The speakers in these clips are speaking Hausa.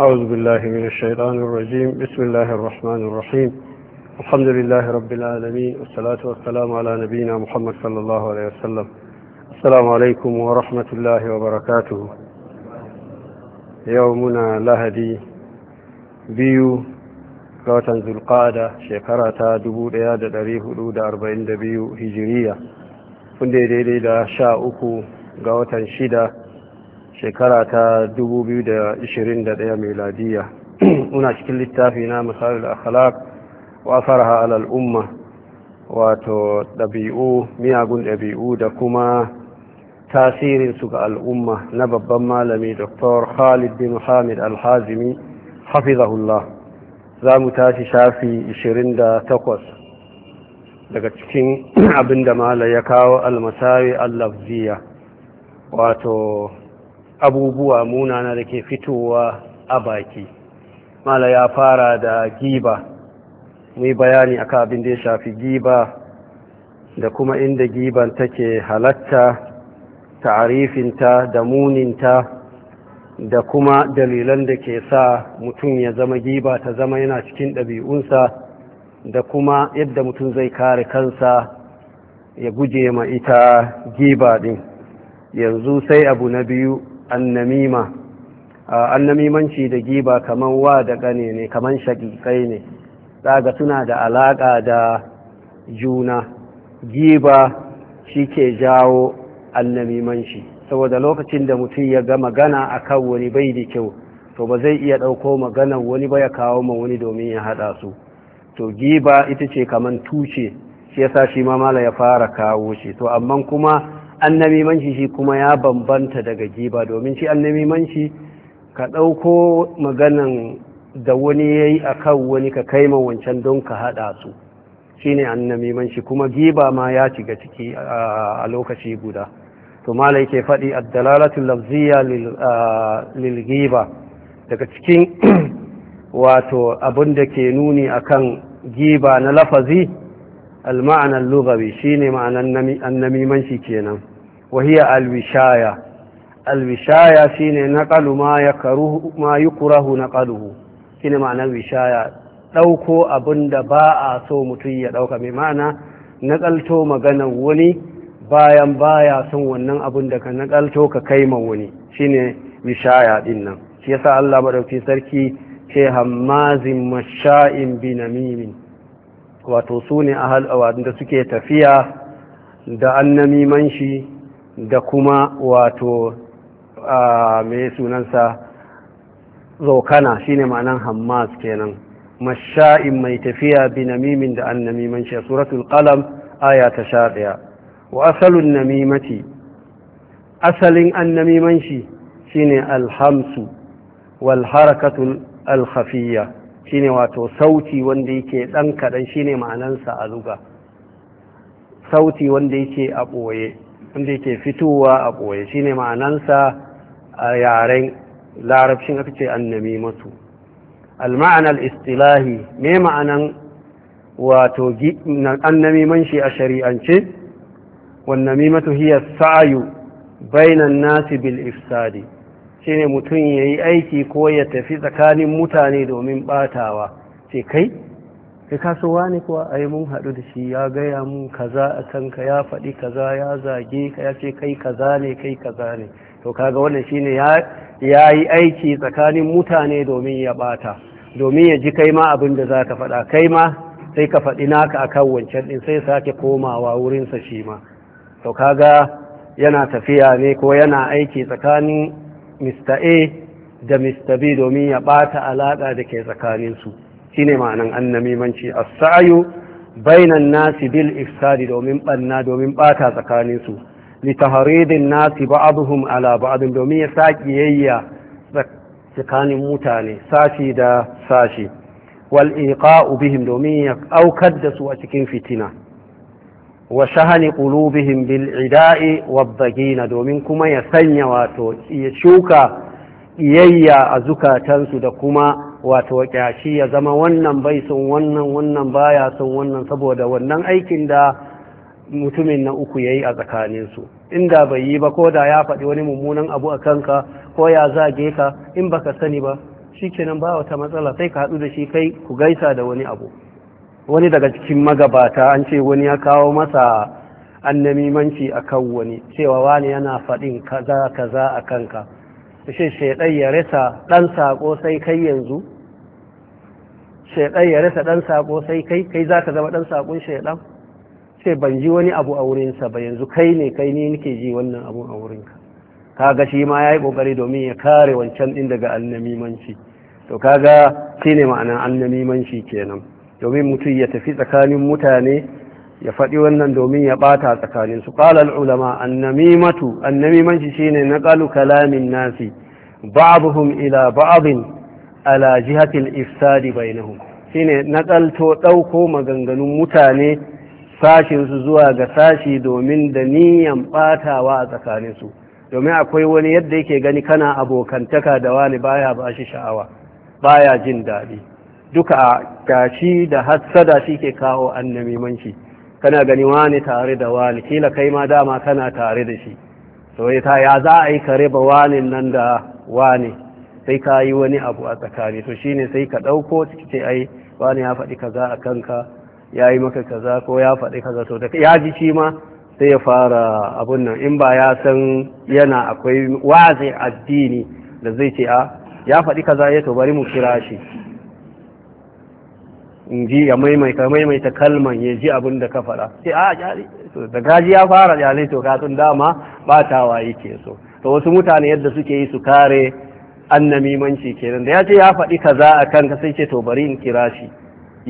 أعوذ بالله من الشيطان الرجيم بسم الله الرحمن الرحيم الحمد لله رب العالمين والصلاة والسلام على نبينا محمد صلى الله عليه وسلم السلام عليكم ورحمة الله وبركاته يومنا لهدي بيو قوتن ذو القادة شكرة دبو رياد دريه الود أربعين دبيو هجرية فندي ديدي دا شاء أكو قوتن شدة shekara ta 2021 meladiya muna cikin littafi na misalul akhlaq wa asarha ala umma, wato ɗabi'u miyagun ɗabi'u da kuma tasirinsu ga al'umma na babban malami dr khalid bin hamid alhazimi hafizahullah za mu tashi shafi 28 daga cikin abinda mala ya kawo almasawi allafziya wato abubuwa munana da ke fitowa a baki mala ya fara da giba mai bayani akan abin da ya shafi giba da kuma inda giban take halatta ta'arifinta da muninta da kuma dalilan da ke sa mutum ya zama giba ta zama yana cikin ɗabi'unsa da kuma yadda mutum zai kare kansa ya guje ma ita giba din. yanzu sai abu na biyu annamima annamimanci da giba kaman wa da ƙane ne kaman shaƙiƙai ne daga suna da alaƙa da juna giba shi ke jawo annamimanci saboda lokacin da mutum ya ga magana a kan wani bai da kyau to ba zai iya ɗauko maganar wani ba ya kawo ma wani domin ya haɗa su to giba ita ce kaman tuce shi ya sa shi ma mala ya fara kawo shi to amman kuma annamimanci shi kuma ya bambanta daga giba domin shi manci ka ɗauko maganan da wani ya yi a kan wani ka kai ma wancan don ka haɗa su shi ne manci kuma giba ma ya shiga ciki a lokaci guda to malai ke faɗi a dalalatun lafziya lilgiba daga cikin wato abin da ke nuni a kan giba na lafazi al-ma'anar shi shine ma'anar annamimanci kenan wahiya alwishaya alwishaya shine naqalu ma yakruhu ma yukrahu naqaluhu shine ma'anar wishaya dauko abinda ba a so mutum ya ɗauka? mai ma'ana naƙalto maganar wani bayan baya son wannan abun da ka nakalto ka kai ma wani shine wishaya din nan shi yasa Allah madauki sarki ce hammazin masha'in binamimin wato su ne a da suke tafiya da annamiman shi da kuma wato mai sunansa Zokana shine ma'anan Hamas kenan masha'in mai tafiya bi namimin da an namiman shi suratul qalam aya ta sha ɗaya wa asalin namimati asalin an namiman shi shine alhamsu wal harakatul alkhafiyya shine wato sauti wanda yake ɗan kaɗan shine ma'anansa a zuga sauti wanda yake a ɓoye wanda yake fitowa a ɓoye shine ma'anansa a yaren larabcin aka ce annami masu al istilahi me ma'anan wato annami man shi a shari'ance wannami matu hiyar sa'ayu bainan nasi bil ifsadi shine mutum ya yi aiki ko ya tafi tsakanin mutane domin batawa ce kai kai kasuwa ne kuwa a yi mun haɗu da shi ya gaya mun kaza a kanka ya faɗi kaza ya zage ka ya ce kai kaza ne kai kaza ne to kaga wannan shine ya yi aiki tsakanin mutane domin ya ɓata domin ya ji kai ma abin da za ka faɗa kai ma sai ka faɗi naka akan wancan ɗin sai sake komawa wurinsa shi ma to kaga yana tafiya ne ko yana aiki tsakanin Mr. A da Mr. B domin ya ɓata alaƙa da ke tsakaninsu. ne ma'anan annamimanci a sayu bainan nasi bil ifsadi domin banna domin bata tsakanin su li tahridin nasi ba'dhum ala ba'd domin ya saki yayya tsakanin mutane sashi da sashi wal iqa'u bihim domin ya aukar da su a cikin fitina wa shahani qulubihim bil ida'i wad domin kuma ya sanya wato ya shuka iyayya a zukatansu da kuma wato kyashi ya zama wannan bai sun wannan wannan baya sun wannan saboda wannan aikin da mutumin na uku ya yi a tsakaninsu inda bai yi ba ko da ya faɗi wani mummunan abu a kanka ko ya zage ka in baka sani ba Shi shikenan ba wata matsala sai ka haɗu da shi kai ku gaisa da wani abu wani daga cikin magabata an ce wani ya kawo masa annamimanci a kan wani cewa wani yana faɗin kaza kaza a kanka shin shaidan ya rasa dan saƙo sai kai yanzu shaidan ya rasa ɗan saƙo sai kai kai za zama ɗan sakon shaidan sai ban ji wani abu a wurinsa ba yanzu kai ne kai ni nake ji wannan abu a wurinka kaga shi ma ya yi ƙoƙari domin ya kare wancan ɗin daga annamimanci to kaga shine ma'anar annamimanci kenan domin mutum ya tafi tsakanin mutane ya faɗi wannan domin ya ɓata tsakanin su qala ulama annamimatu annamimanci shine ƙalu kalamin nasi ba'abuhum ila ba'abin ala jihati ifsadi bainahum shine naƙalto ɗauko maganganun mutane sashinsu zuwa ga sashi domin da niyan ɓatawa a tsakaninsu domin akwai wani yadda yake gani kana abokantaka da wani baya ba shi sha'awa baya jin daɗi duka gashi da hassada shi ke kawo annamimanci kana gani wani tare da wani kila kai ma dama kana tare da shi sai ta ya za a yi kare ba wani nan da wani sai ka yi wani abu a tsakani to shine sai ka ɗauko ce ai wani ya faɗi kaza a kanka ya yi maka kaza ko ya faɗi kaza to da ya ji shi ma sai ya fara abun nan in ba ya san yana akwai wazi addini da zai ce a ya faɗi kaza ya eh to bari mu kira shi in ji ya maimaita maimaita kalman ya ji abin da ka faɗa sai a ah, da gaji ya fara kyale to katun dama ba yake so to wasu mutane yadda suke yi su kare annamimanci kenan da ya ce ya faɗi kaza a kanka sai ce to bari in kira shi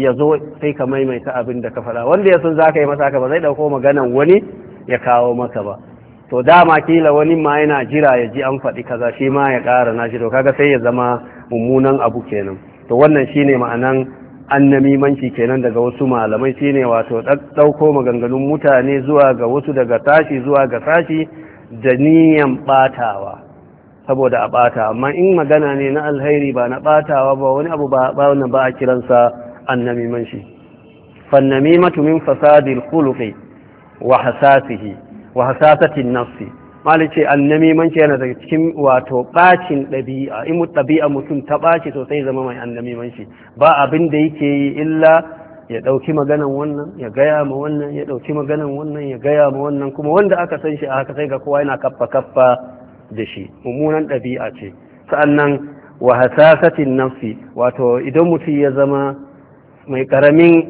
ya zo sai ka maimaita abin da ka faɗa wanda ya san za ka yi masa ka ba zai ɗauko maganan wani ya kawo maka ba to dama kila wani ma yana jira ya ji an faɗi kaza shi ma ya ƙara na shi to kaga sai ya zama mummunan abu kenan to wannan shine ma'anan annamimanci kenan daga wasu malamai shine wato ɗauko maganganun mutane zuwa ga wasu daga sashi zuwa ga sashi da niyan ɓatawa saboda a ɓata amma in magana ne na alheri, ba na ɓatawa ba wani abu ba wannan ba a kiransa annamimanci fannamimatu matumin fasadil khuluqi wa hasasihi wa hasasatin nafsi malai ce annamimanci yana daga cikin wato bacin ɗabi'a in ɗabi'a mutum ta ɓaci sosai zama mai annamimanci ba abin da yake yi illa ya ɗauki maganan wannan ya gaya ma wannan ya ɗauki maganan wannan ya gaya ma wannan kuma wanda aka san shi a haka sai ga kowa yana kaffa kaffa da shi mummunan ɗabi'a ce sa'annan wa hasasatin nafsi wato idan mutum ya zama mai ƙaramin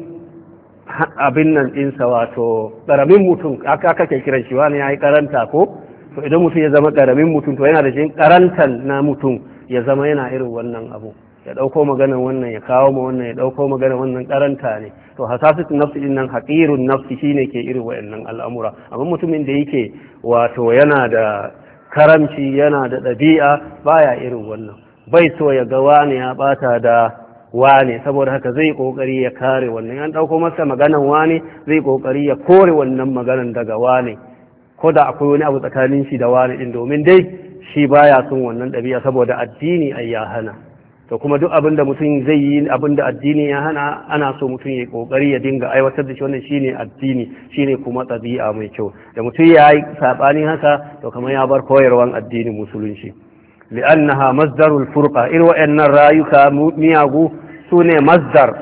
abin nan ɗinsa wato ƙaramin mutum aka kake kiran shi wani ya yi karanta ko to idan mutum ya zama karamin mutum to yana da shi karantar na mutum ya zama yana irin wannan abu ya dauko magana wannan ya kawo ma wannan ya dauko magana wannan karanta ne to hasasatu nafsi din nan haqirun nafsi shine ke irin wayannan al'amura amma mutumin da yake wato yana da karamci yana da dabi'a baya irin wannan bai so ya ga wani ya bata da wane saboda haka zai kokari ya kare wannan an dauko masa maganan wane zai kokari ya kore wannan maganan daga wane ko da akwai wani abu tsakanin shi da wani din domin dai shi baya son wannan ɗabi'a saboda addini ai ya hana to kuma duk abin da mutum zai yi abin da addini ya hana ana so mutum ya kokari ya dinga aiwatar da shi wannan shine addini shine kuma ɗabi'a mai kyau da mutum ya yi saɓani haka to kamar ya bar koyarwan addinin musulunci li'annaha masdarul furqa irin wa'annan rayuka miyagu sune masdar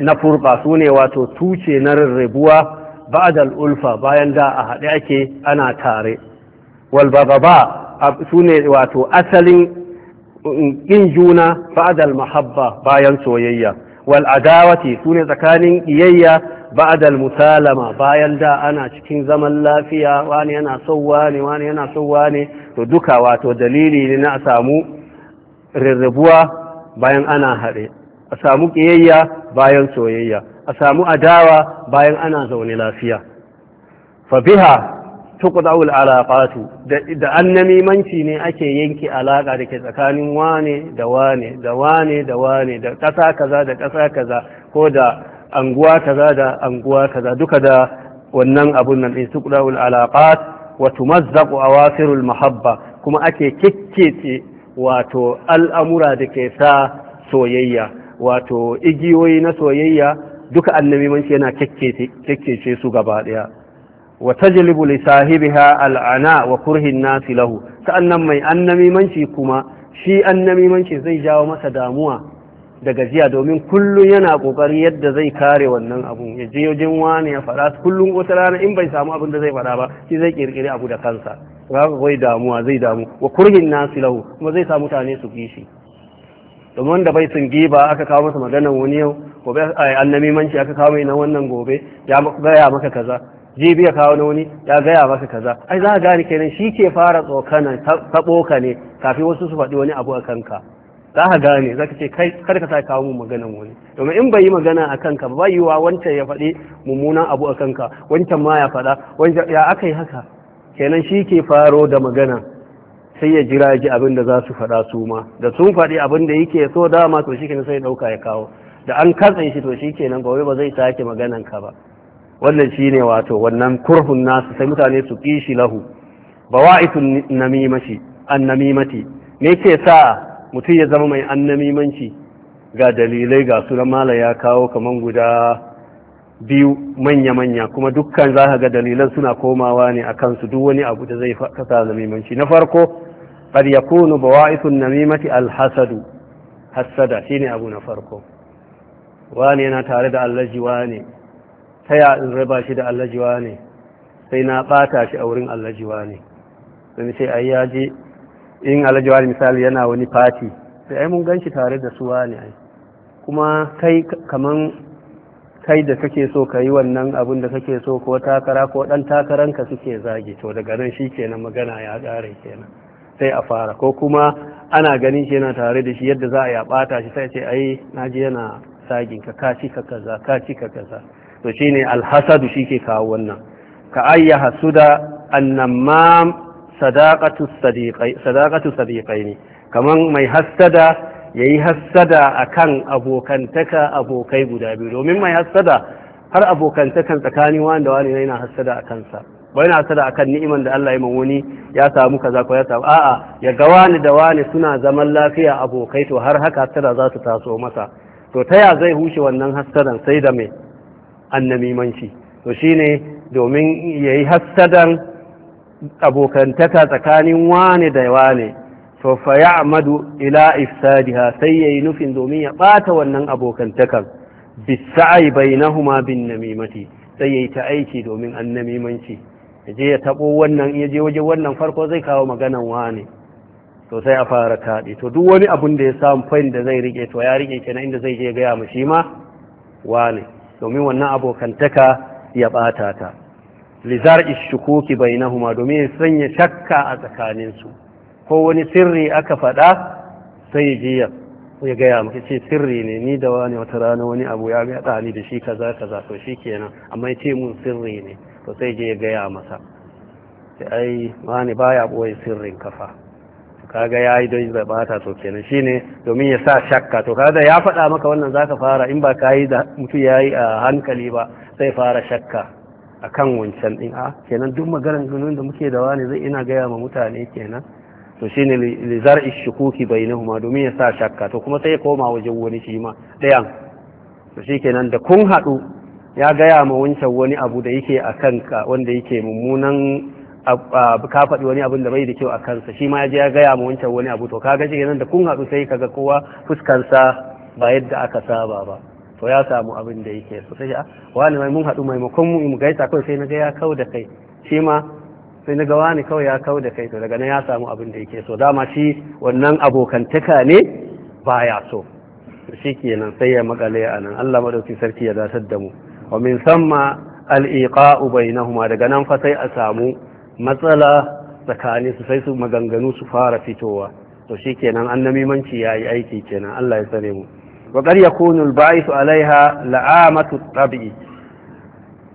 na furqa sune wato tuce na rarrabuwa ba'dal ulfa bayan da a haɗe ake ana tare wal su sune wato asalin ƙin mm, juna ba'dal mahabba bayan soyayya wal adawati sune tsakanin iyayya ba'dal musalama bayan da ana cikin zaman lafiya wani yana son wani wani yana son wani to duka wato dalili ne na a samu rirribuwa bayan ana haɗe a samu ƙiyayya bayan soyayya a samu adawa bayan ana zaune lafiya fa biha tuqda'ul alaqatu da annamimanci ne ake yanke alaka da ke tsakanin wane da wane da wane da wane da ƙasa kaza da ƙasa kaza ko da anguwa kaza da anguwa kaza duka da wannan abun nan din tuqda'ul alaqat wa tumazzaqu awasirul mahabba kuma ake kikkece wato al'amura da ke sa soyayya wato igiyoyi na soyayya duka annabimanci yana kyakkece su gaba daya wa tajlibu li sahibiha al'ana wa kurhin nasi lahu sa'annan mai annabimanci kuma shi annabimanci zai jawo masa damuwa da gajiya domin kullum yana kokari yadda zai kare wannan abun ya je yajin wani ya faɗa kullum wata rana in bai samu abin da zai faɗa ba shi zai kirkiri abu da kansa haka kawai damuwa zai damu wa kurhin nasi lahu kuma zai sa mutane su kishi shi domin wanda bai sun giba aka kawo masa maganan wani yau gobe eh, annami manci aka kawo mai na wannan gobe ya gaya maka kaza jibi ya kawo na wani ya gaya maka kaza ai za ka gane kenan shi ke fara tsokana taɓo ne kafin wasu su faɗi wani abu a kanka za ka gane za ka ce kai kar ka sa kawo mu maganan wani domin in bai yi magana a kanka ba yi wa wancan ya faɗi mummunan abu a kanka wancan ma ya faɗa wancan ya aka yi haka kenan shi ke faro da magana sai ya jira ji abin da za su faɗa su ma da sun faɗi abin da yake so dama to shi sai ɗauka ya kawo da an katse shi to shi kenan gobe ba zai sake maganan ka ba wannan shine wato wannan kurhun nasu sai mutane su ƙi shi lahu bawa'itun namimati me ke sa mutum ya zama mai annamimanci ga dalilai ga su mala ya kawo kamar guda biyu manya-manya kuma dukkan zaka ga dalilan suna komawa ne a kansu duk wani abu da zai kasa namimanci na farko قد يكون بوائث النميمة الحسد حسد شيني أبو نفركو واني أنا تارد على اللجواني تيا الربا شد اللجواني سينا قاتاش أورين اللجواني wani sai ai ya je in alajawar misali yana wani fati sai ai mun gan shi tare da suwa ne ai kuma kai kaman kai da kake so ka yi wannan abin da kake so ko takara ko dan takaranka suke zagi to daga nan shi kenan magana ya ƙare kenan sai a fara ko kuma ana ganin shi yana tare da shi yadda za a yi shi sai ce ai naji yana sagin ka kaci ka kaza kaci ka kaza to shine alhasadu shike kawo wannan ka ayya hasuda annamam sadaqatu sadiqai sadaqatu sadiqaini kaman mai hasada yayi hasada akan abokantaka abokai guda biyu domin mai hasada har abokantakan tsakanin wanda wani yana hasada akan sa ba sada akan ni'iman da Allah ya man wani ya samu kaza ko ya samu a'a ya ga wani da wani suna zaman lafiya abokai to har haka tara za su taso masa to ta ya zai huce wannan hassadan sai da mai annamimanci to shine domin yayi hassadan abokantaka tsakanin wani da wani to fa ya'madu ila ifsadiha sai yayi nufin domin ya bata wannan abokantakan bisa'i bainahuma bin namimati sai yayi ta aiki domin annamimanci je ya taɓo wannan ya je waje wannan farko zai kawo maganan wane to sai a fara kaɗi to duk wani abun da ya samu fain da zai rike to ya rike kenan inda zai je gaya mu shi ma wane domin wannan abokantaka ya ɓata ta lizar ishukuki bainahuma domin ya sanya shakka a tsakaninsu ko wani sirri aka faɗa sai jiya ya gaya maka ce sirri ne ni da wani wata rana wani abu ya ga ni da shi kaza kaza to shi kenan amma ya ce mun sirri ne to sai je ya gaya masa sai ai wani baya boye sirrin kafa kaga ya yi don zai bata to kenan shine domin ya sa shakka to kaga ya faɗa maka wannan zaka fara in ba ka yi da mutu ya yi a hankali ba sai fara shakka a kan wancan ɗin a kenan duk maganar ganin da muke da wani zai ina gaya ma mutane kenan to shine lizar ishikuki bainahuma domin ya sa shakka to kuma sai ya koma wajen wani shi ma ɗayan to shi kenan da kun haɗu ya gaya ma wancan wani abu da yake a kan wanda yake mummunan ka faɗi wani abin da bai da kyau a kansa shi ma ya je ya gaya ma wancan wani abu to kaga shi nan da kun haɗu sai kaga kowa fuskansa ba yadda aka saba ba to ya samu abin da yake so sai wani mai mun haɗu maimakon mu mu gaita kawai sai na ga ya kau da kai shi ma sai na ga wani kawai ya kau da kai to daga nan ya samu abin da yake so dama shi wannan abokantaka ne baya so shi kenan sai ya makale a nan Allah madauki sarki ya datar da mu wa min samma al'iqa'u bainahuma daga nan fa sai a samu matsala tsakanin su sai su maganganu su fara fitowa to shikenan ya yayi aiki kenan Allah ya tsare mu wa qad yakunu al alaiha 'alayha la'amatu tabi'i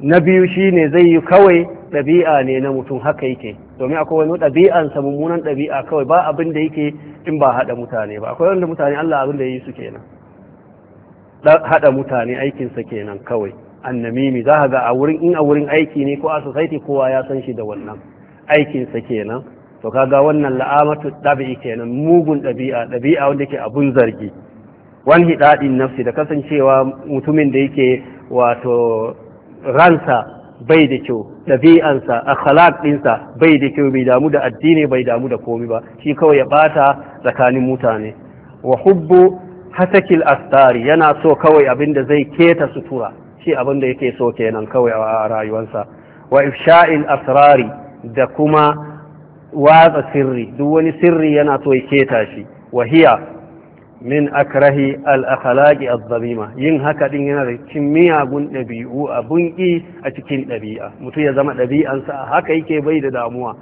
na biyu ne zai yi kawai ɗabi'a ne na mutum haka yake domin akwai wani sa mummunan ɗabi'a kawai ba abin da yake in ba haɗa mutane ba akwai wanda mutane Allah abin da ya yi su kenan haɗa mutane aikinsa kenan kawai annamimi za ga a wurin in a wurin aiki ne ko a society kowa ya san shi da wannan aikinsa kenan to kaga wannan la'amatu dabi'i kenan mugun ɗabi'a ɗabi'a wanda ke abun zargi wani hidadin nafsi da kasancewa mutumin da yake wato ransa bai da kyau ɗabi'ansa akhlaq ɗinsa bai da kyau bai damu da addini bai damu da komai ba shi kawai ya bata tsakanin mutane wa hubbu hasakil astari yana so kawai abin da zai keta sutura shi abin da yake so kenan kawai a rayuwarsa wa ifsha'il asrari da kuma watsa sirri duk wani sirri yana so ya keta shi hiya min akrahi al-akhlaqi al yin haka din yana da cikin miyagun dabi'u a bunki a cikin dabi'a mutum ya zama dabi'ansa haka yake bai da damuwa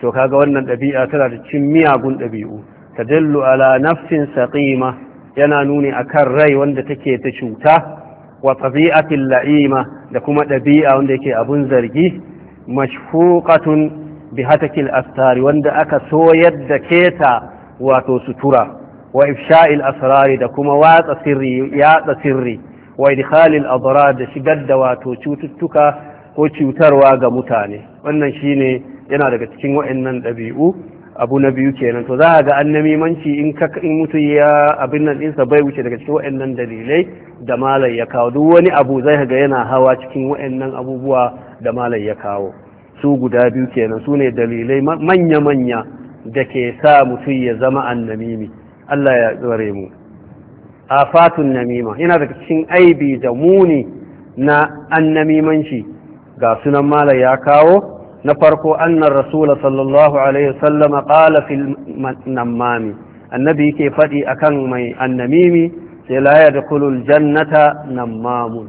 to kaga wannan dabi'a tana da cikin miyagun dabi'u tadallu ala nafsin saqima yana nuni akan rai wanda take ta cuta wa tabi'atil la'ima da kuma ɗabi'a wanda yake abun zargi mashfuqatun bi hatakil astari wanda aka soyar da keta wato sutura wa ifsha'il asrari da kuma watsa sirri yatsa sirri wa idkhalil adrar da shigar da wato cututtuka ko cutarwa ga mutane wannan shine yana daga cikin waɗannan ɗabi'u abu na biyu kenan to za a ga annamimanci in ka in mutu ya abin nan ɗinsa bai wuce daga cikin nan dalilai da malai ya kawo duk wani abu zai ga yana hawa cikin nan abubuwa da malai ya kawo su guda biyu kenan su ne dalilai manya-manya da ke sa mutum ya zama annamimi Allah ya tsare mu A afatun namima yana daga cikin aibi da muni na annamimanci ga sunan malai ya kawo na farko annar rasula sallallahu alaihi wasallam qala fil namami annabi yake faɗi akan mai annamimi sai la yadkhulul jannata namamun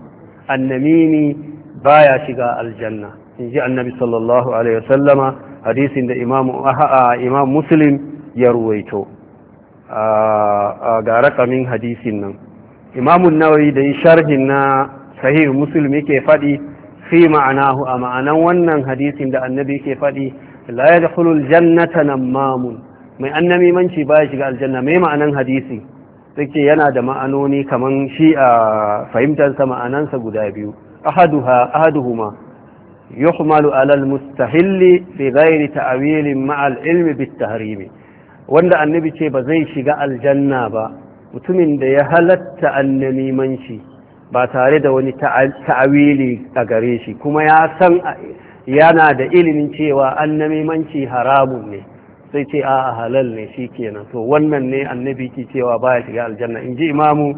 annamimi baya shiga aljanna inji annabi sallallahu alaihi wasallama hadisin da imam imam muslim ya ruwaito ga rakamin hadisin nan imamun nawawi da sharhin na sahih muslim yake faɗi fi ma'anahu a ma'anan wannan hadisin da annabi ke faɗi la hulun jannata mamun mai annami manci ba ya shiga aljanna mai ma'anan hadisi take yana da ma'anoni kaman shi a fahimtarsa ma'anansa guda biyu ahaduhuma yuhmalu alal mustahilli bi ghairi ta'wilin ta'awilin ilmi bit tahrimi wanda annabi ce ba zai shiga aljanna ba mutumin da ya halatta annami manci ba tare da wani ta'awili a gare shi kuma ya san yana da ilimin cewa mimanci haramun ne sai ce a halal ne shi kenan to wannan ne annabi ke cewa baya shiga aljanna in ji imamu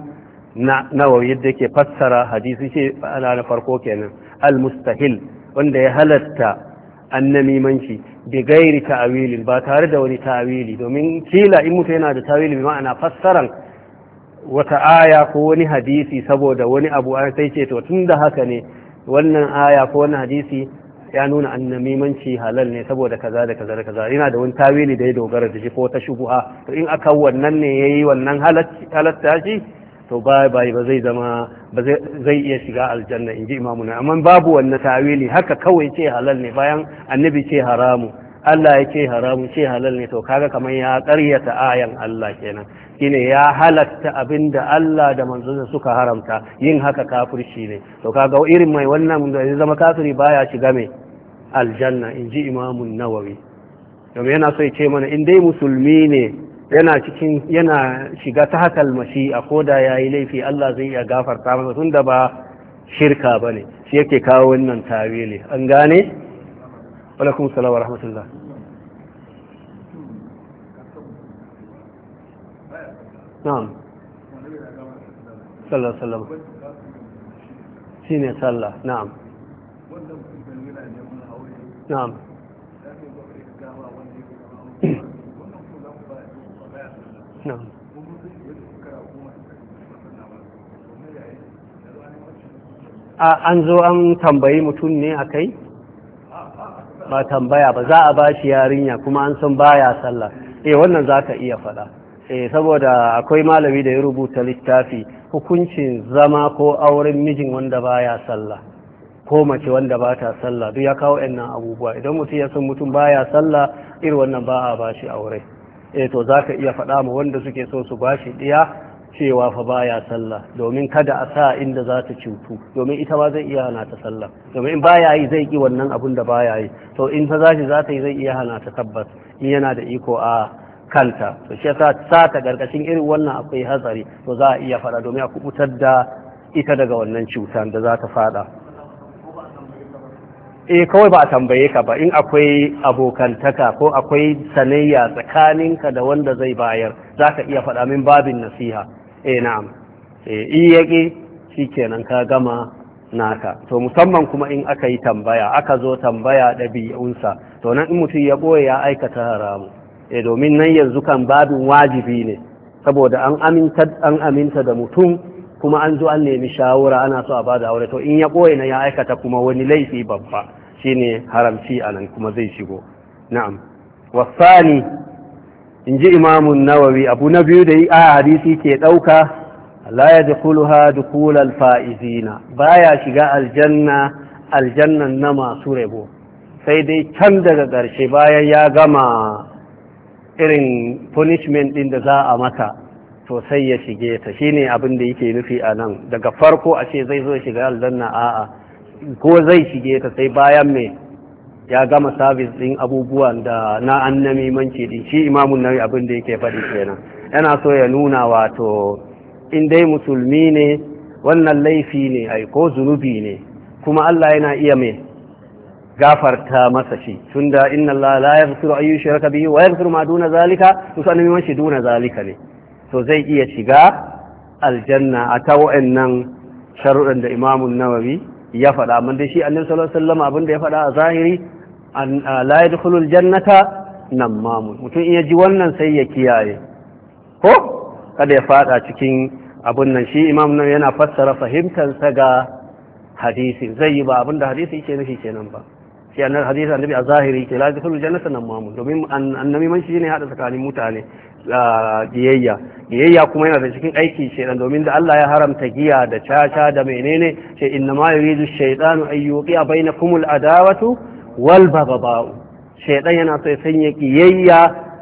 na yadda ke fassara hadisi ce ana na farko kenan al-mustahil wanda ya halatta annamimanci bi gairi ta'awilin ba tare da wani ta'awili domin kila in mutu yana da ta'awili ma'ana fassaran wata aya ko wani hadisi saboda wani abu an sai ce to tun da haka ne wannan aya ko wani hadisi ya nuna annamimanci halal ne saboda kaza da kaza da kaza Ina da wani tawili da ya dogara da shi ko ta shubuha to in aka wannan ne yayi wannan halatta shi to bai bai ba zai zama ba zai iya shiga aljanna inji imamu na amma babu wannan tawili haka kawai ce halal ne bayan annabi ce haramu Allah ya ce haramu ce halal ne to kaga kamar ya karyata ayan Allah kenan shine ya halatta abin da Allah da manzonsa suka haramta yin haka kafirci ne to kaga irin mai wannan da ya zama kafiri baya shiga mai aljanna in ji imamun nawawi domin yana so ya ce mana in dai musulmi ne yana cikin yana shiga ta hakal mashi'a ko da yayi laifi Allah zai iya gafarta masa tunda ba shirka bane shi yake kawo wannan tawili an gane ورحمة الله نعم صلى الله sallallahu sallam صلى sallah na'am na'am na'am an zo an tambayi mutum ne a kai ba tambaya ba za a ba shi yarinya kuma an san baya sallah eh wannan zaka iya faɗa eh saboda akwai malami da ya rubuta littafi hukuncin zama ko auren mijin wanda baya sallah ko mace wanda ba ta sallah duk ya kawo ɗan abubuwa idan mutum ya san mutum baya sallah irin wannan ba a shi aure eh to zaka iya faɗa ma wanda suke so su bashi diya cewa fa baya sallah domin kada a sa inda za ta cutu domin ita ma zai iya hana ta sallah domin in baya yi zai ki wannan abun da baya yi to in ta zashi za ta yi zai iya hana ta tabbas in yana da iko a kanta to shi yasa sa ta gargashin irin wannan akwai hatsari to za a iya fada domin a kubutar da ita daga wannan cutan da za ta fada eh kawai ba a tambaye ka ba in akwai abokantaka ko akwai sanayya tsakaninka da wanda zai bayar za ka iya faɗa min babin nasiha eh na'am eh in yake shikenan ka gama naka to musamman kuma in aka yi tambaya aka zo tambaya ɗabi'unsa to nan in mutum ya ɓoye ya aikata haramu e eh, domin nan yanzu kan babu wajibi ne saboda an aminta an aminta da mutum kuma an zo an nemi shawara ana so a bada aure to in ya ɓoye na ya aikata kuma wani laifi babba shine haramci anan kuma zai shigo na'am wasani in ji imamun nawawi abu na biyu da yi a hadisi ke ɗauka la ya dukuluha dukulal fa'izina ya shiga aljanna aljannan na masu rabo sai dai can daga ƙarshe bayan ya gama irin punishment ɗin da za a mata to sai ya shige ta Shi ne abin da yake nufi a nan daga farko a ce zai zo shiga aljanna a'a ko zai shige ta sai bayan mai ya gama sabis din abubuwan da na annami manci din shi imamun nawi abin da yake faɗi kenan yana so ya nuna wato in dai musulmi ne wannan laifi ne ai ko zunubi ne kuma Allah yana iya mai gafarta masa shi da inna Allah la yaghfiru an yushraka bihi wa yaghfiru ma duna zalika to sanin man shi duna zalika ne to zai iya shiga aljanna a ta wa'annan sharuɗan da imamun nawawi ya faɗa amma dai shi annabi sallallahu alaihi wasallam abin da ya faɗa a zahiri la yadkhulul jannata mamun mutum in ji wannan sai ya kiyaye ko kada ya fada cikin abun nan shi imam nan yana fassara fahimtarsa ga hadisi zai yi ba abin da hadisi yake nufi kenan ba shi annabi hadisi annabi a zahiri ke la yadkhulul jannata mamun domin annabi man shi ne hada tsakanin mutane giyayya giyayya kuma yana da cikin aiki shaidan domin da Allah ya haramta giya da caca da menene ce inna ma yuridu shaytanu an bainakumul adawatu wal bagaba'u shaidan yana so ya sanya kiyayya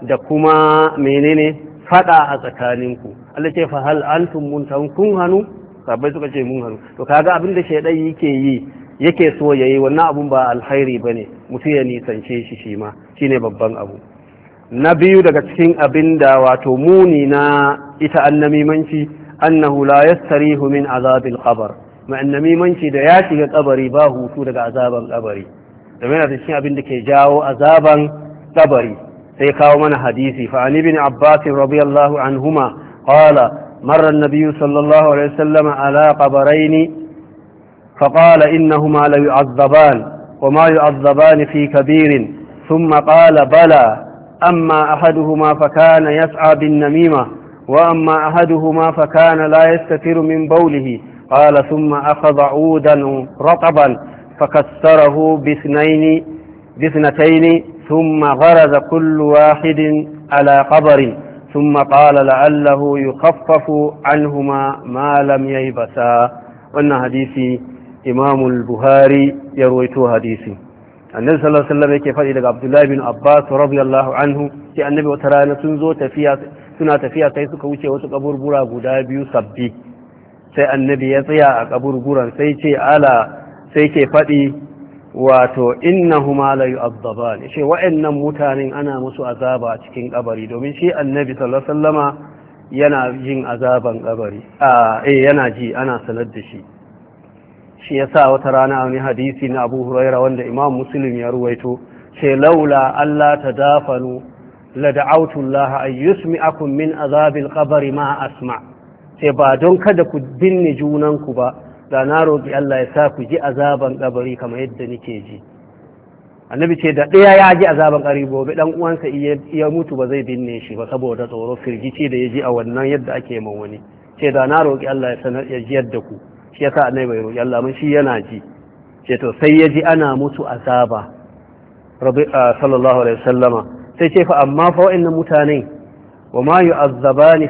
da kuma menene fada a tsakaninku Allah ce fa hal antum muntahun kun hanu sabai suka ce mun hanu to kaga abin da shaidan yake yi yake so yayi wannan abun ba alkhairi bane mutum ya nisance shi shi ma shine babban abu na biyu daga cikin abin da wato muni na ita annamimanci annahu la yastarihu min azabil qabr ma annamimanci da ya shiga kabari ba hutu daga azaban kabari game da cikin abin ke jawo azaban kabari sai kawo mana hadisi fa an ibn abbas radiyallahu anhuma qala marra an-nabiy sallallahu alaihi wasallam ala qabrayn fa qala innahuma la yu'azzaban wa ma yu'azzaban fi kabir thumma qala bala amma ahaduhuma fa kana yas'a bin namima wa amma ahaduhuma fa kana la yastatiru min bawlihi qala thumma akhadha udan rataban فكسره باثنين باثنتين ثم غرز كل واحد على قبر ثم قال لعله يخفف عنهما ما لم ييبسا وأن حديث إمام البخاري يرويته حديثي annabi sallallahu alaihi wasallam yake faɗi daga abdullahi bin abbas radiyallahu anhu sai annabi wata rana sun zo tafiya suna tafiya sai suka wuce wasu kaburbura guda biyu sabbi sai annabi ya tsaya a kaburburan sai ce ala sai ke faɗi wato innahuma la yu'adhaban shi wa'annan mutanen ana musu azaba a cikin ƙabari? domin shi annabi sallallahu alaihi yana jin azaban kabari a eh yana ji ana sanar da shi shi yasa wata rana a wani hadisi na Abu Huraira wanda Imam Muslim ya ruwaito ce laula Allah ta la da'awtu Allah an yusmi'akum min azabil qabri ma asma ce ba don kada ku binne junanku ba da na roƙi Allah ya sa ku ji azaban kabari kamar yadda nake ji annabi ce da ɗaya ya ji azaban ƙari gobe ɗan uwansa iya mutu ba zai binne shi ba saboda tsoro firgici da ya ji a wannan yadda ake yi wani ce da na roƙi Allah ya ji yadda ku shi yasa annabi bai roƙi Allah mun shi yana ji ce to sai ya ji ana mutu azaba sallallahu alaihi wasallama sai ce fa amma fa wa'annan mutanen wa ma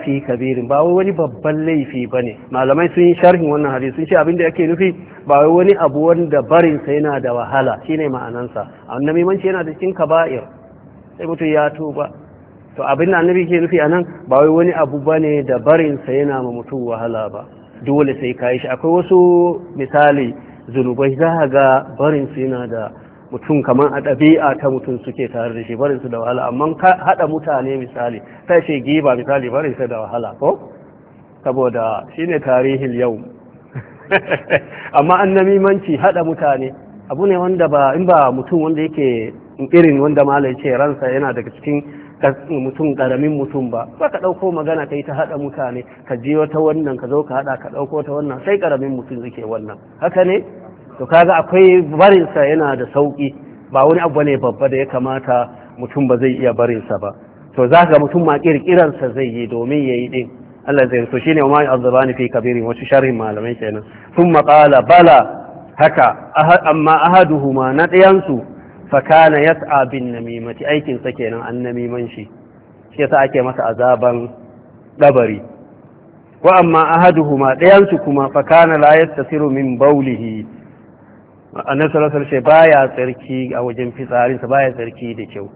fi kabirin ba wai wani babban laifi ba ne malamai sun yi sharhin wannan hadisi sun ce abin da yake nufi ba wai wani abu wanda barin yana da wahala shine ma'anansa annabi manci yana da cikin kaba'ir sai mutum ya tuba to abin da annabi ke nufi anan ba wai wani abu ba ne da barinsa yana ma mutum wahala ba dole sai kai shi akwai wasu misali zunubai za ga barin yana da mutum kamar a ɗabi'a ta mutum suke tare da shi barin su da wahala amma haɗa mutane misali ta shi giba misali barin su da wahala ko saboda shine tarihin yau amma an namimanci haɗa mutane abu ne wanda ba in ba mutum wanda yake irin wanda malai ce ransa yana daga cikin mutum ƙaramin mutum ba ba ka ɗauko magana ka yi ta haɗa mutane ka je wata wannan ka zo ka haɗa ka ɗauko ta wannan sai ƙaramin mutum yake wannan haka ne to kaga akwai barinsa yana da sauƙi ba wani abu ne babba da ya kamata mutum ba zai iya barinsa ba to za ga mutum ma kirkiransa zai yi domin ya yi ɗin Allah zai to shine ma azzabani fi kabirin wasu sharhin malamai kenan sun maƙala bala haka amma ahaduhuma na ɗayansu fakana yas'a bin namimati aikinsa kenan an namiman shi shi yasa ake masa azaban ɗabari wa amma ahaduhuma ɗayansu kuma fakana la yastasiru min baulihi annabi sallallahu alaihi wasallam baya tsarki a wajen fitsarinsa baya tsarki da kyau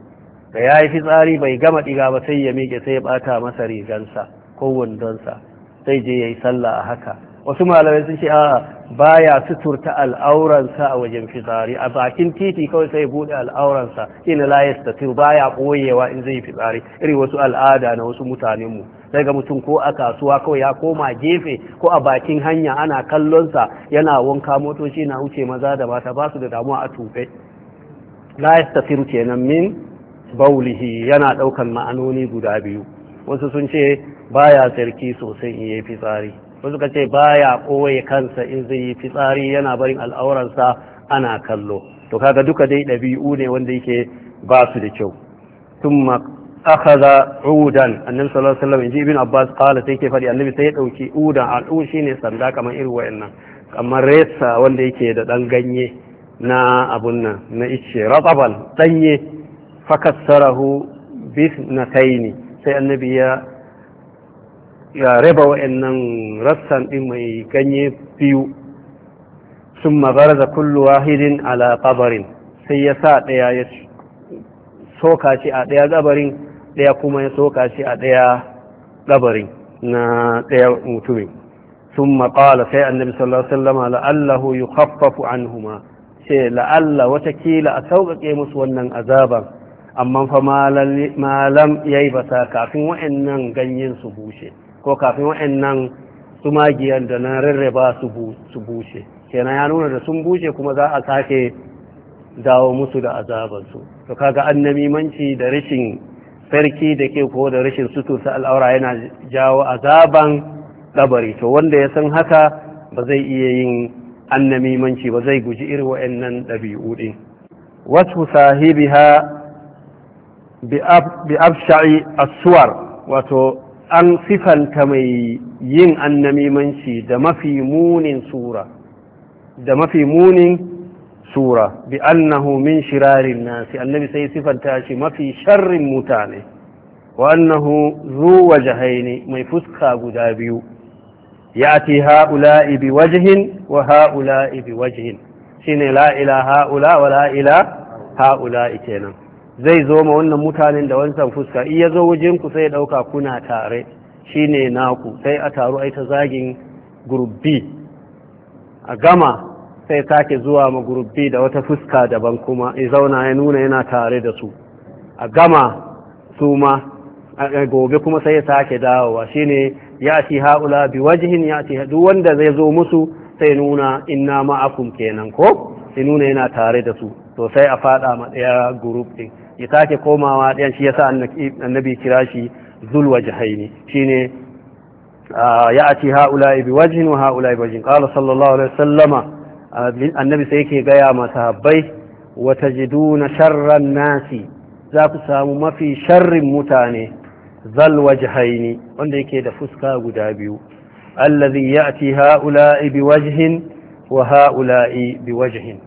da yayi fitsari bai gama diga ba sai ya miƙe sai ya bata masa rigansa ko wandonsa sai je yayi sallah a haka wasu malamai sun ce a'a baya suturta al'auransa a wajen fitsari a bakin titi kawai sai bude al'auransa ina la yastati baya ɓoyewa in zai fitsari irin wasu al'ada na wasu mutanen mu sai ga mutum ko a kasuwa kawai ya koma gefe ko a bakin hanya ana kallonsa yana wanka motoci na wuce maza da mata ba su da damuwa a tufe la yastafiru kenan min baulihi yana daukan ma'anoni guda biyu wasu sun ce baya sarki sosai in yi fitsari wasu ka ce baya koye kansa in zai yi fitsari yana barin al'auransa ana kallo to kaga duka dai ɗabi'u ne wanda yake ba su da kyau Akaza udan annabi sallallahu alaihi wasallam inji ibn abbas qala sai ke fadi annabi sai ya dauki udan al'u shine sanda kamar irin wayannan kamar resa wanda yake da dan ganye na abun nan na ice ratabal danye fakassarahu taini sai annabi ya ya raba wayannan rassan din mai ganye biyu sun baraza kullu wahidin ala qabarin sai ya sa daya ya soka shi a daya gabarin ɗaya kuma ya soka shi a ɗaya ɗabari na ɗaya mutumin sun maƙala sai annabi sallallahu alaihi wasallam la'allahu yi haffafu an ce la'alla watakila a sauƙaƙe musu wannan azaban amma fa malam ya yi basa kafin wa'annan ganyen su bushe ko kafin wa'annan tsumagiyar da na rarraba su bushe kenan ya nuna da sun bushe kuma za a sake dawo musu da azabansu to kaga annabi da rashin sarki da ke ko da rashin ta al'aura yana jawo azaban ɗabari to wanda ya san haka ba zai iya yin annamimanci ba zai guji irin wa'annan ɗabi'u ɗin wasu ha bi absha'i asuwar wato an sifanta mai yin annamimanci da mafi munin sura da mafi munin sura bi annahu min shirarin nasi annabi sai sifanta shi mafi sharrin mutane wa annahu zu wajhaini mai fuska guda biyu yati ha'ula bi wajhin wa ha'ula bi wajhin shine la ila haula wa la ila ha'ula kenan zai zo ma wannan mutanen da wancan fuska in ya zo wajen ku sai ɗauka dauka kuna tare shine naku sai a taru ai ta zagin gurbi a gama sai sake zuwa magurubi da wata fuska daban kuma ya zauna ya nuna yana tare da su a gama su ma gobe kuma sai ya sake dawowa shine ya ci haula bi wajihin ya ci duk wanda zai zo musu sai nuna inna ma'akum kenan ko sai nuna yana tare da su to sai a fada ma daya group din ya sake komawa ɗayan shi yasa annabi kira shi zul wajhaini shine ah, ya ci haula bi wajihin wa haula bi wajhin qala sallallahu alaihi wasallama annabi sai yake gaya masa habbai wata jiduna sharran nasi za ku samu mafi sharrin mutane zal haini wanda yake da fuska guda biyu allazi ya'ti ha'ula'i wajihin wa ha'ula'i shi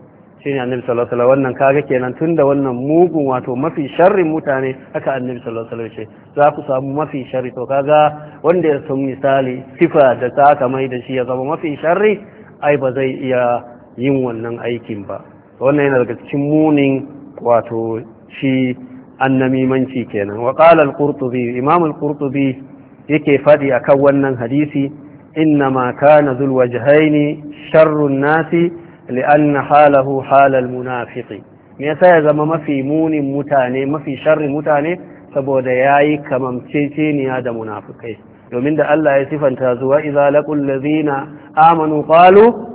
shine annabi sallallahu alaihi wannan kaga kenan tunda wannan mugun wato mafi sharrin mutane haka annabi sallallahu alaihi wasallam za ku samu mafi sharri to kaga wanda ya san misali sifa da ta aka mai da shi ya zama mafi sharri ai ba zai iya yin wannan aikin ba wannan yana daga cikin munin wato shi annamimanci kenan wa qala al-qurtubi imam al-qurtubi yake fadi akan wannan hadisi inna ma kana dhul wajhaini sharrun nasi li'anna halahu halal munafiqi me yasa ya zama mafi munin mutane mafi sharrin mutane saboda yayi kamamceceniya da munafikai domin da Allah ya sifanta zuwa idza laqul ladina amanu qalu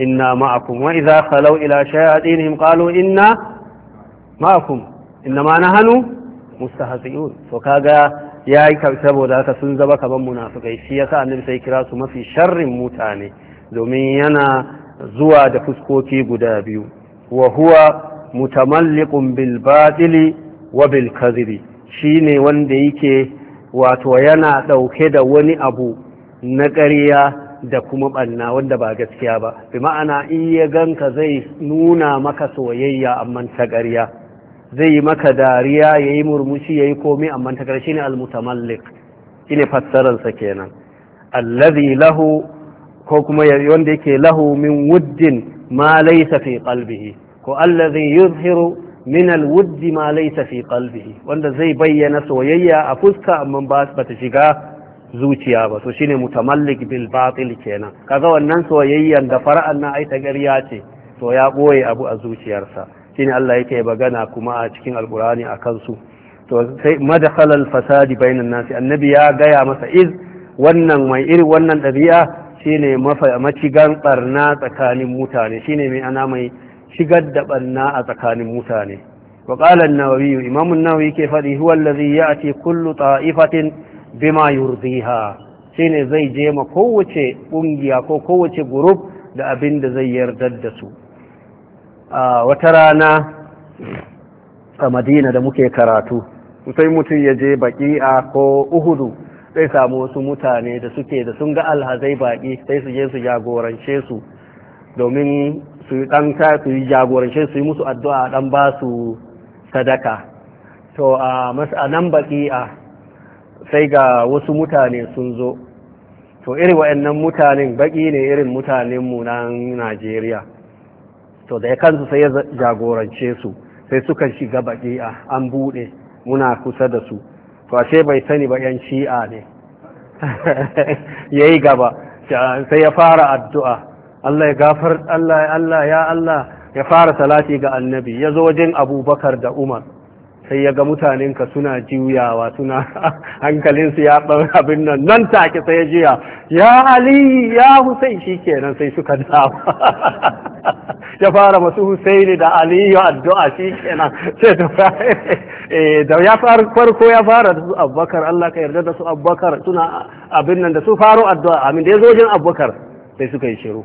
إنا معكم وإذا خلوا إلى شياطينهم قالوا إنا معكم إنما نحن مستهزئون فكاغا ya yi saboda haka sun zaba kaban munafukai shi yasa annabi sai kira su mafi sharrin mutane domin yana zuwa da fuskoki guda biyu Wahuwa huwa mutamalliqun bil batili wa bil kadhibi shine wanda yake wato yana ɗauke da wani abu na ƙarya da kuma ɓanna wanda ba gaskiya ba bi ma'ana in ya ganka zai nuna maka soyayya amma ta ƙarya zai yi maka dariya ya yi murmushi ya yi komai amma ta shi ne almutamallik shi ne fassararsa kenan allazi lahu ko kuma wanda yake lahu min wuddin ma laysa fi qalbihi ko allazi yuzhiru min alwuddi ma laysa fi qalbihi wanda zai bayyana soyayya a fuska amma ba ta shiga zuciya ba to shine mutamallik bil batil kenan kaga wannan soyayyan da fara'an nan ai gariya ce to ya boye abu a zuciyarsa shine Allah yake bagana kuma a cikin alqur'ani akan su to sai madkhal al fasadi bainan nasi annabi ya gaya masa iz wannan mai iri wannan dabi'a shine macigan barna tsakanin mutane shine mai ana mai shigar da barna a tsakanin mutane وقال النووي إمام النووي كيف هو الذي يأتي كل طائفة bima yurdiha shine zai je ma kowace ƙungiya ko kowace group da abin da zai yarda da su a wata rana a madina da muke karatu sai mutum ya je a ko uhudu sai samu wasu mutane da suke da sun ga alhazai baki sai su je su jagorance su domin su yi ka su yi jagorance su yi musu addu'a ɗan ba su sadaka to a nan baki'a sai ga wasu mutane sun zo to irin wa'annan mutanen baƙi ne irin mutanenmu na najeriya to da ya kansu sai ya jagorance su sai suka shiga baƙi an buɗe muna kusa da su to ashe bai sani ba 'yan shi'a ne yayi gaba sai ya fara addu'a Allah ya gafar Allah ya Allah ya Allah ya fara salati ga annabi ya zo wajen abubakar da umar sai ya ga mutanenka suna juyawa suna hankalinsu ya ɗan abin nan nan take sai ya juya ya ali ya hussein shi kenan sai suka dawo ya fara masu husaini da aliyu addu'a shi kenan sai eh, da ya farko ya fara da su abubakar allah ka yarda da su abubakar suna abin nan da su faro addu'a amin da ya zo jin abubakar sai suka yi shiru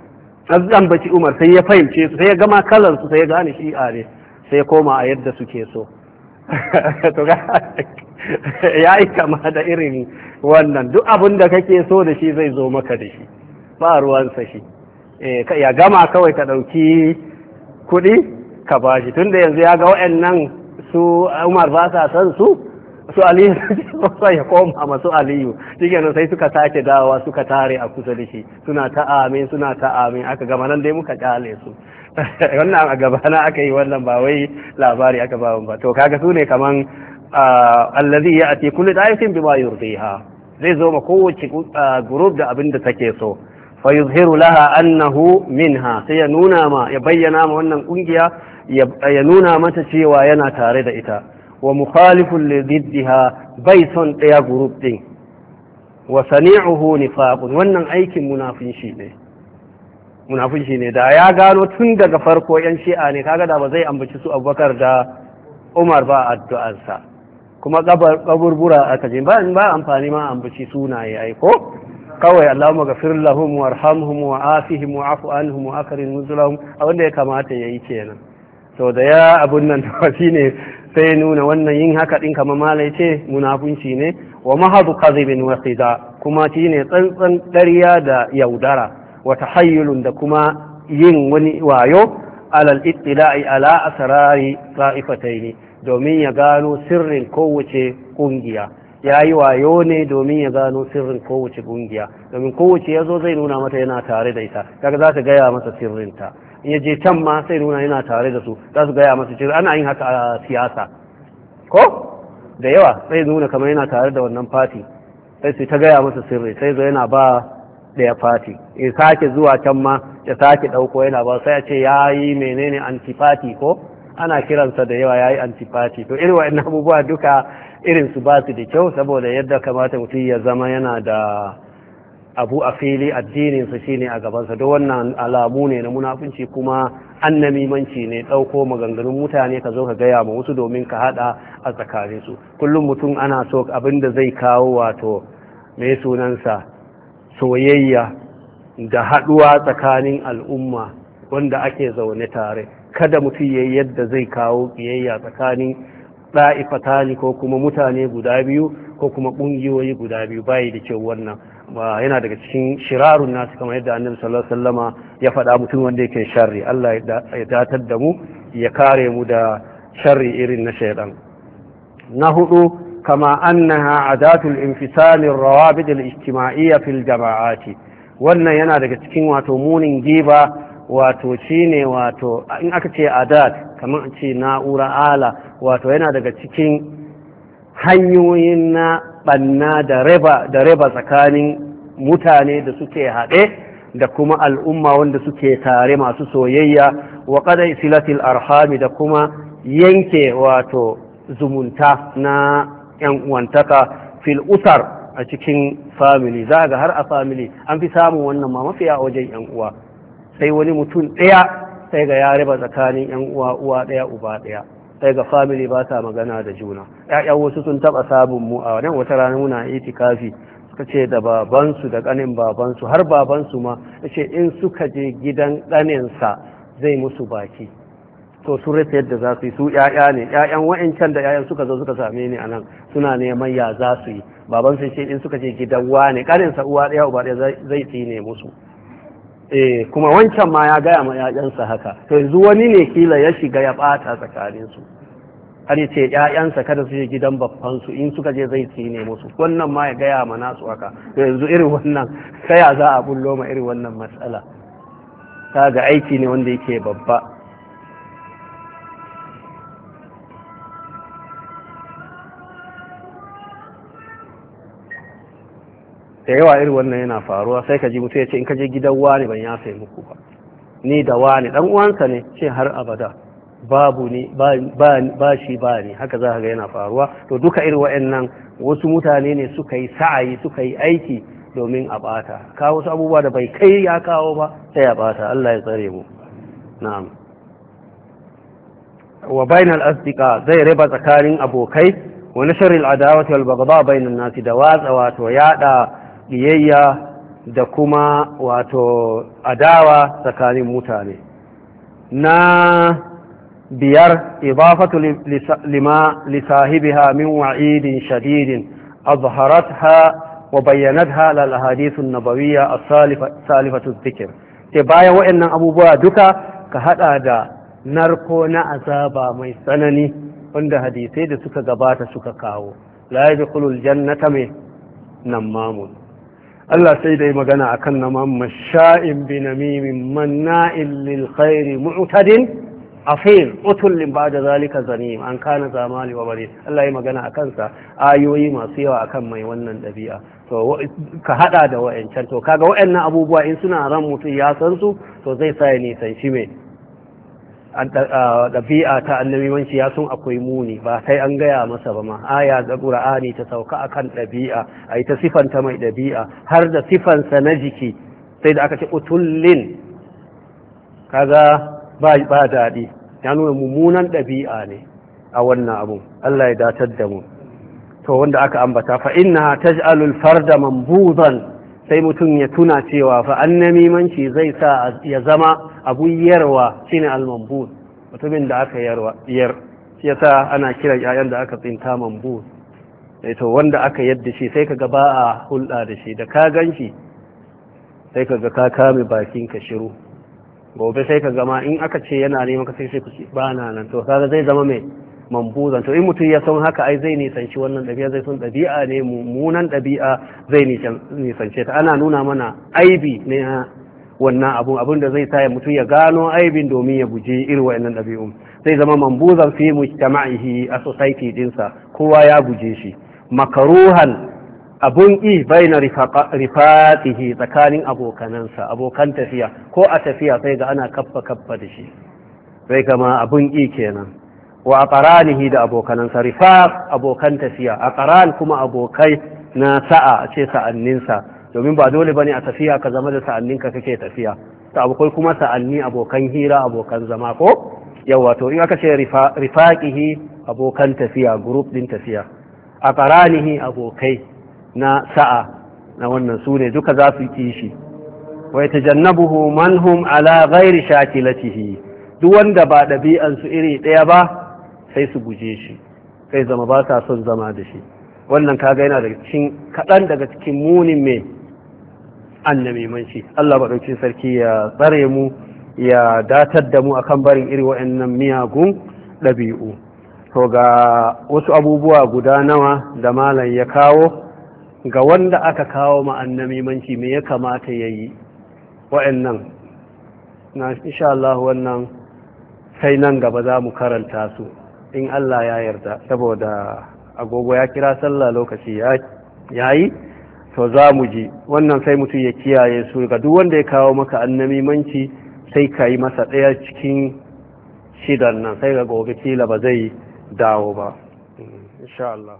azan baci umar sai ya fahimce su sai ya gama kalansu, sai ya gane shi'a ne sai ya koma a yadda suke so to ya yi kama da irin wannan duk abin da kake so da shi zai zo maka da shi ba ruwansa shi eh, ya gama kawai ka ɗauki kuɗi ka ba shi tunda yanzu ya ga wa'annan su umar ba sa son su su aliyu sai ya koma masu aliyu shikenan sai suka sake dawowa suka tare a kusa da shi suna ta amin suna ta amin aka gama nan dai muka kyale su wannan a gabana aka yi wannan ba wai labari aka ba ba to kaga su ne kaman allazi ya ati kullu da'isin bima yurdiha zai zo ma kowace group da abin da take so fa yuzhiru laha annahu minha sai ya nuna ma ya bayyana ma wannan kungiya ya nuna mata cewa yana tare da ita wa mukhalifun li diddiha bai son daya group din wa sani'uhu nifaqun wannan aikin munafinci ne munafunci ne da ya gano tun daga farko yan shi'a ne kaga da ba zai ambaci su abubakar da umar ba addu'arsa kuma kaburbura a je ba ba amfani ma ambaci sunaye ai ko kawai Allahumma ghafir lahum warhamhum wa afihim wa afu anhum wa akrim a abinda ya kamata yayi kenan to da ya abun nan ne sai nuna wannan yin haka din kamar malai ce munafunci ne wa mahadu kadhibin wa khida kuma shine tsantsan dariya da yaudara Wata tahayyulun da kuma yin wani wayo alal ittila'i ala asrari ni domin ya gano sirrin kowace kungiya ya yi wayo ne domin ya gano sirrin kowace kungiya domin kowace ya zo zai nuna mata yana tare da ita kaga za ta gaya masa sirrinta in ya je can ma sai nuna yana tare da su za su gaya masa sirri ana yin haka a siyasa ko da yawa sai nuna kamar yana tare da wannan fati sai su ta gaya masa sirri sai zo yana ba ya fati ya sake zuwa can ma ya sake ɗauko yana ba sai ya ce ya yi menene antifati ko ana kiransa da yawa ya yi antifati to irin wa'in abubuwa duka irin su ba su da kyau saboda yadda kamata mutum ya zama yana da abu a fili addininsa shine a gabansa don wannan alamu ne na munafunci kuma annamimanci ne ɗauko maganganun mutane ka zo ka gaya ma wasu domin ka haɗa a tsakaninsu kullum mutum ana so abin da zai kawo wato mai sunansa soyayya da haɗuwa tsakanin al'umma wanda ake zaune tare kada mutum ya yadda zai kawo ƙiyayya tsakanin ɗa'ifata ne ko kuma mutane guda biyu ko kuma ƙungiyoyi guda biyu bayi da kyau wannan yana daga cikin shirarun nasu kamar yadda annabi sallallahu alaihi wasallama ya faɗa mutum wanda yake sharri Allah ya datar da mu ya kare mu da sharri irin na shaidan na hudu كما أنها عادات الانفصال الروابط fil في الجماعات wannan yana daga cikin wato munin giba wato shine wato in aka ce adat kamar a ce na'ura ala wato yana daga cikin hanyoyin na banna da raba da reba tsakanin mutane da suke haɗe da kuma al'umma wanda suke tare masu soyayya wa qada silatil arhami da kuma yanke wato zumunta na yan uwantaka fil usar a cikin family za ga har a family an fi samun wannan ma mafiya a wajen yan uwa sai wani mutum ɗaya sai ga ya riba tsakanin yan uwa uwa ɗaya uba ɗaya sai ga family ba sa magana da juna ƴaƴan wasu sun taɓa sabon mu a wannan wata rana muna itikafi suka ce da babansu da ƙanin babansu har babansu ma ce in suka je gidan ƙaninsa zai musu baki to su rasa yadda za su yi su ƴaƴa ne ƴaƴan wa'ancan da ƴaƴan suka zo suka same ni anan suna neman ya za su yi baban sun ce in suka je gidan ne karin sa uwa ɗaya uba ɗaya zai tsine musu eh kuma wancan ma ya gaya ma ƴaƴansa haka to yanzu wani ne kila ya shiga ya ɓata tsakanin su har ya ce ƴaƴansa kada su je gidan babban su in suka je zai tsine musu wannan ma ya gaya ma nasu haka to yanzu irin wannan kaya za a bullo ma irin wannan matsala kaga aiki ne wanda yake babba da yawa irin wannan yana faruwa sai ka ji mutu ya ce in ka je gidan wani ban ya sai muku ba ni da wani dan uwansa ne ce har abada babu ni ba shi ba ni haka za ga yana faruwa to duka irin wa'annan wasu mutane ne suka yi sa'ayi suka yi aiki domin a bata kawo wasu abubuwa da bai kai ya kawo ba sai a bata Allah ya tsare mu na'am wa bainal asdiqa zai raba tsakanin abokai wa nashr al adawati wal baghdha bainan nasi da watsa wato yada ƙiyayya da kuma wato adawa tsakanin mutane na biyar ibafatu lima lisahibiha min wa'idin shadidin azharatha wa bayyanatha a ahadithun nabawiyya a salifatu dhikr sai bayan waɗannan abubuwa duka ka hada da narko na azaba mai tsanani wanda hadisai da suka gabata suka kawo la yadkhulul jannata mai mamun. Allah sai dai magana a akan nama masha'in bi namimin manna'in lil khairi mu'tadin afil utullin ba da zalika zanim an kana zamani wa bari Allah yi magana a kansa ayoyi masu yawa a kan mai wannan ɗabi'a. to ka hada da wayancan to kaga wayannan abubuwa in suna ran mutum ya san su to zai sa ya shi mai ɗabi'a ta annabiwanci ya sun akwai muni ba sai an gaya masa ba ma aya da ƙura'ani ta sauka a kan ɗabi'a a yi ta sifanta mai ɗabi'a har da sifansa na jiki sai da aka ce utullin kaga ba daɗi ya nuna mummunan ɗabi'a ne a wannan abu Allah ya datar da mu to wanda aka ambata fa inna taj'alul farda mambuzan sai mutum ya tuna cewa fa manci zai sa ya zama abun yarwa shine al mutumin da aka yarwa yar yasa ana kiran yayan da aka tsinta sai eh, to wanda aka yadda shi sai kaga ba a hulɗa da shi da ka ganshi sai kaga ka kame bakin ka shiru gobe sai kaga ma in aka ce yana neman ka sai sai ku ba na nan to kaga zai zama mai mambuzan to in mutum ya san haka ai zai nisanci wannan ɗabi'a zai san ɗabi'a ne mummunan ɗabi'a zai nisance ta ana nuna mana aibi ne wannan abun abin da zai sa mutum ya gano aibin domin ya guji irin wa'annan ɗabi'un zai zama mambuzan fi mujtama'ihi a society dinsa kowa ya guje shi makaruhan abun ƙi bai na rifatihi tsakanin abokanansa abokan tafiya ko a tafiya sai ga ana kaffa kaffa da shi sai kama abun ƙi kenan wa aqranihi da abokanansa rifaq abokan tafiya aqran kuma abokai na sa'a ce sa'anninsa domin ba dole bane a tafiya ka zama da sa'anninka kake tafiya ta abokai kuma sa'anni abokan hira abokan zama ko yawa to in aka ce rifaqihi abokan tafiya group din tafiya aqranihi abokai na sa'a na wannan sune duka za su yi shi wa yatajannabuhu man hum ala ghairi shakilatihi duk wanda ba ɗabi'ansu iri ɗaya ba sai su guje shi sai zama ba sa son zama da shi wannan kaga yana daga cikin kaɗan daga cikin munin mai manci. Allah ba ɗauki sarki ya tsare mu ya datar da mu akan barin iri waɗannan miyagun ɗabi'u to ga wasu abubuwa guda nawa da malam ya kawo ga wanda aka kawo ma manci me ya kamata ya yi waɗannan na insha Allah wannan sai nan gaba za mu karanta su in Allah ya yarda saboda agogo ya kira sallah lokaci ya yi to za mu ji wannan sai mutum ya kiyaye su ga duk wanda ya kawo maka annami manci sai ka yi masa ɗaya cikin shidan nan sai ga gobe kila ba zai dawo ba mm, insha Allah